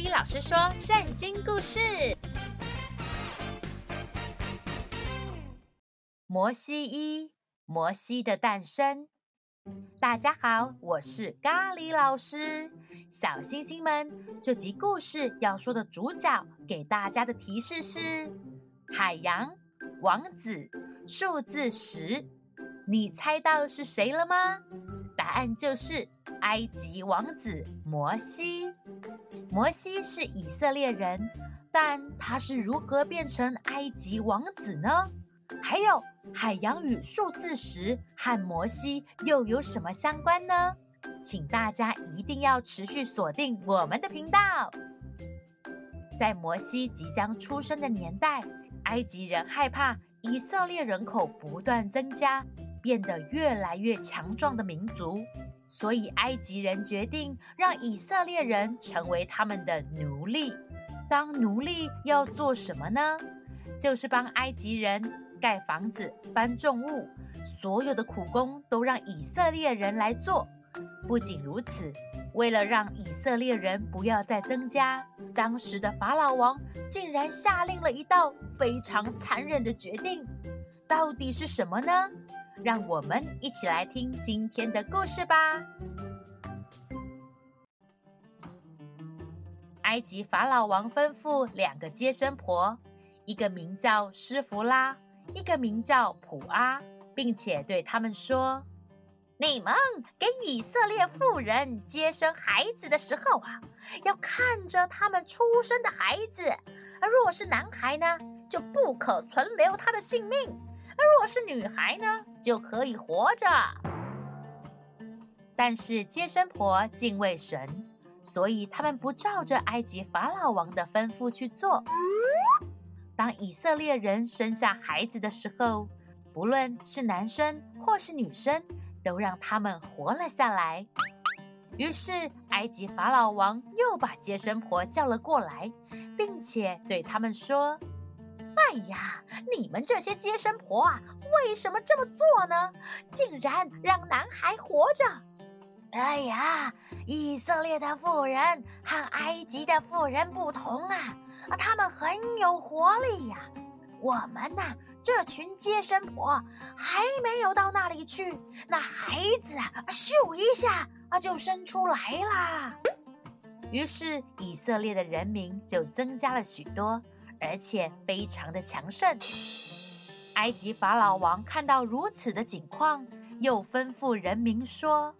咖喱老師說：“聖經故事，摩西一，摩西的誕生。大家好，我是咖喱老師。小星星們，這集故事要說的主角給大家的提示是：海洋、王子、數字十。你猜到是誰了嗎？答案就是埃及王子摩西。”摩西是以色列人，但他是如何變成埃及王子呢？還有海洋與數字十和摩西又有什麼相關呢？請大家一定要持續鎖定我們的頻道。在摩西即將出生的年代，埃及人害怕以色列人口不斷增加，變得越來越強壯的民族。所以，埃及人決定讓以色列人成為他們的奴隸。當奴隸要做什麼呢？就是幫埃及人蓋房子、搬重物，所有的苦工都讓以色列人來做。不僅如此，為了讓以色列人不要再增加，當時的法老王竟然下令了一道非常殘忍的決定，到底是什麼呢？讓我們一起來聽今天的故事吧。埃及法老王吩咐兩個接生婆，一個名叫施弗拉，一個名叫普阿，並且對他們說：“你們給以色列婦人接生孩子的時候啊，要看着他們出生的孩子，而若是男孩呢？”就不可存留他的性命。而若是女孩呢？就可以活着。但是接生婆敬畏神，所以他們不照着埃及法老王的吩咐去做。當以色列人生下孩子的時候，不論是男生或是女生，都讓他們活了下來。於是埃及法老王又把接生婆叫了過來，並且對他們說：哎呀，你們這些接生婆啊，為什麼這麼做呢？竟然讓男孩活着！哎呀，以色列的婦人和埃及的婦人不同啊，她們很有活力呀，啊。我們呢，啊，這群接生婆還沒有到那裡去，那孩子啊，咻一下啊就生出來啦。於是以色列的人民就增加了許多。而且非常的強盛。埃及法老王看到如此的景況，又吩咐人民說：“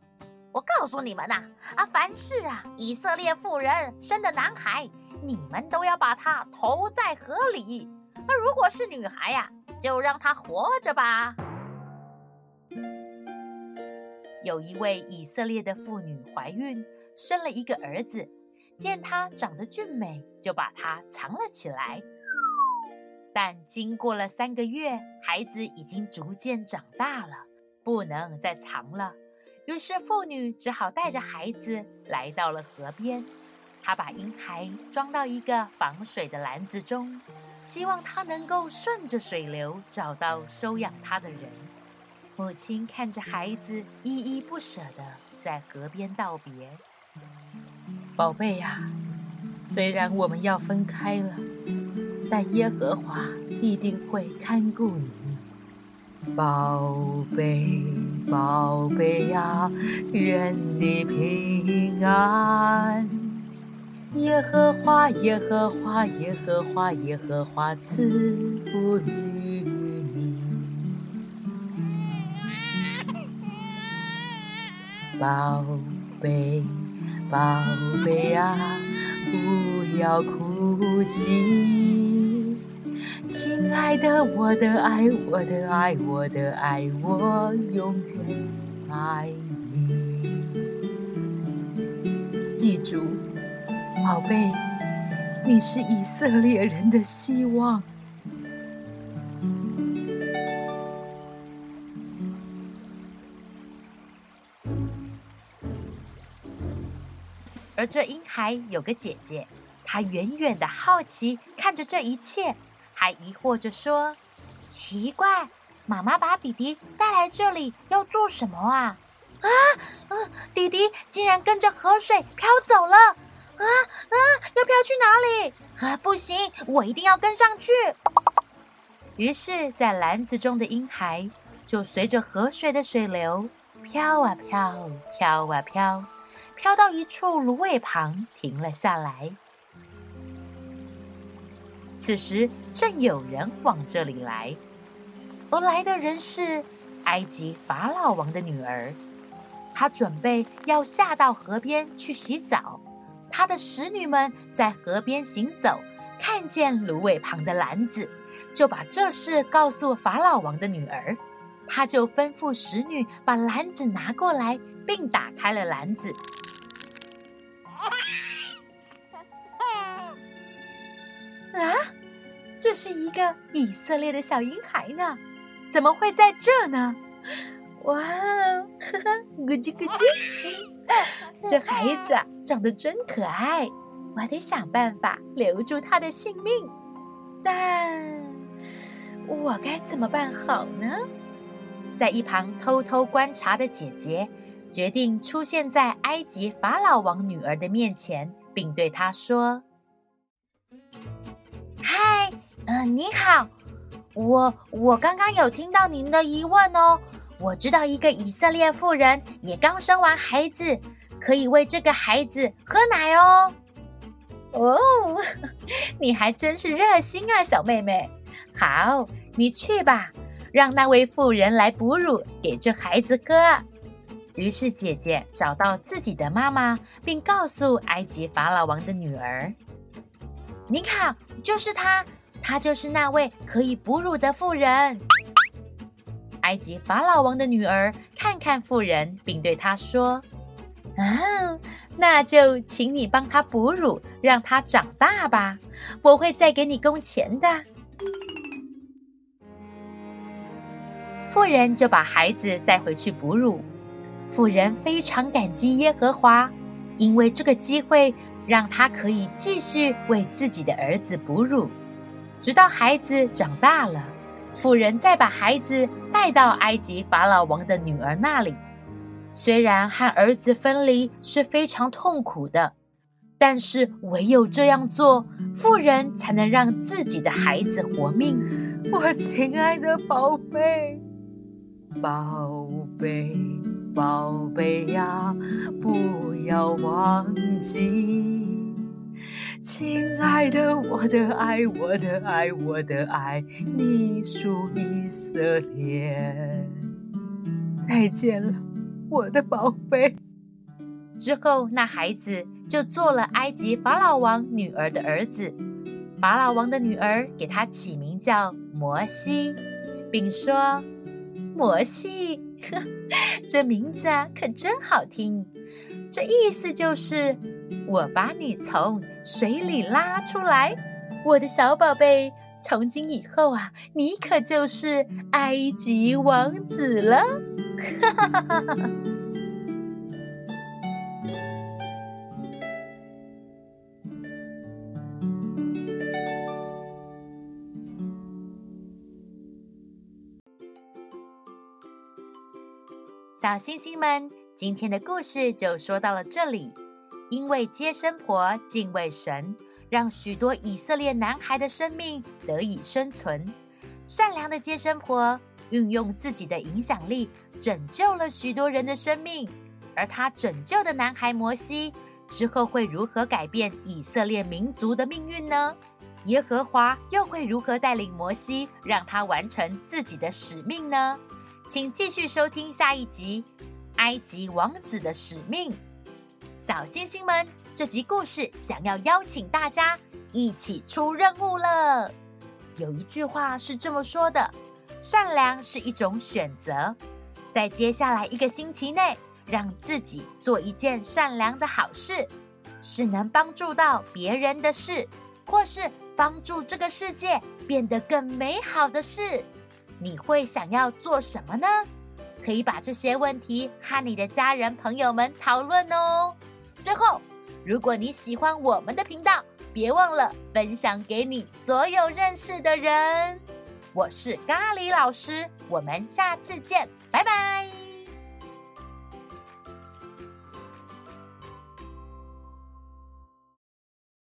我告訴你們吶，啊，凡是啊，以色列婦人生的男孩，你們都要把他投在河裡；而如果是女孩呀、啊，就讓她活着吧。”有一位以色列的婦女懷孕，生了一個兒子。見他長得俊美，就把他藏了起來。但經過了三個月，孩子已經逐漸長大了，不能再藏了。於是婦女只好帶着孩子來到了河邊，她把嬰孩裝到一個防水的籃子中，希望他能夠順着水流找到收養他的人。母親看着孩子依依不捨地在河邊道別。寶貝呀，雖然我們要分開了，但耶和華一定會看顧你。寶貝，寶貝呀，願你平安。耶和華，耶和華，耶和華，耶和華賜福於你。寶貝。寶貝啊，不要哭泣，親愛的，我的愛，我的愛，我的愛，我永遠愛你。記住，寶貝，你是以色列人的希望。而這嬰孩有個姐姐，她遠遠的好奇看着這一切，還疑惑着說：“奇怪，媽媽把弟弟帶來這裡要做什麼啊？”啊，嗯、啊，弟弟竟然跟着河水飄走了！啊啊，要飄去哪裡？啊，不行，我一定要跟上去。於是，在籃子中的嬰孩就隨着河水的水流飄啊飄，飄啊飄。飄到一處蘆葦旁停了下來。此時正有人往這裡來，而來的人是埃及法老王的女兒，她準備要下到河邊去洗澡。她的使女們在河邊行走，看見蘆葦旁的籃子，就把這事告訴法老王的女兒。她就吩咐使女把籃子拿過來，並打開了籃子。這是一個以色列的小嬰孩呢，怎麼會在這呢？哇哦，呵呵，咯嘰咯嘰，這孩子長得真可愛，我得想辦法留住他的性命。但我該怎麼辦好呢？在一旁偷偷觀察的姐姐決定出現在埃及法老王女兒的面前，並對她說：“嗨。”嗯，你好，我我剛剛有聽到您的疑問哦。我知道一個以色列婦人也剛生完孩子，可以餵這個孩子喝奶哦。哦，你還真是熱心啊，小妹妹。好，你去吧，讓那位婦人來哺乳給這孩子喝。於是姐姐找到自己的媽媽，並告訴埃及法老王的女兒：“您好，就是她。”他就是那位可以哺乳的婦人，埃及法老王的女兒。看看婦人，並對她說：“嗯、哦，那就請你幫她哺乳，讓她長大吧。我會再給你工錢的。”婦人就把孩子帶回去哺乳。婦人非常感激耶和華，因為這個機會讓她可以繼續為自己的兒子哺乳。直到孩子長大了，婦人再把孩子帶到埃及法老王的女兒那裡。雖然和兒子分離是非常痛苦的，但是唯有這樣做，婦人才能讓自己的孩子活命。我親愛的寶貝，寶貝，寶貝呀，不要忘記。親愛的，我的愛，我的愛，我的愛，你屬以色列。再見了，我的寶貝。之後，那孩子就做了埃及法老王女兒的兒子。法老王的女兒給他起名叫摩西，並說：“摩西，呵，這名字啊，可真好聽。這意思就是。”我把你從水裡拉出來，我的小寶貝，從今以後啊，你可就是埃及王子了，哈哈哈哈哈！小星星們，今天的故事就說到了這裡。因為接生婆敬畏神，讓許多以色列男孩的生命得以生存。善良的接生婆運用自己的影響力，拯救了許多人的生命。而她拯救的男孩摩西，之後會如何改變以色列民族的命運呢？耶和華又會如何帶領摩西，讓他完成自己的使命呢？請繼續收聽下一集《埃及王子的使命》。小星星們，這集故事想要邀請大家一起出任務了。有一句話是這麼說的：“善良是一種選擇。”在接下來一個星期內，讓自己做一件善良的好事，是能幫助到別人的事，或是幫助這個世界變得更美好的事。你會想要做什麼呢？可以把這些問題和你的家人朋友們討論哦。最後，如果你喜歡我們的頻道，別忘了分享給你所有認識的人。我是咖喱老師，我們下次見，拜拜。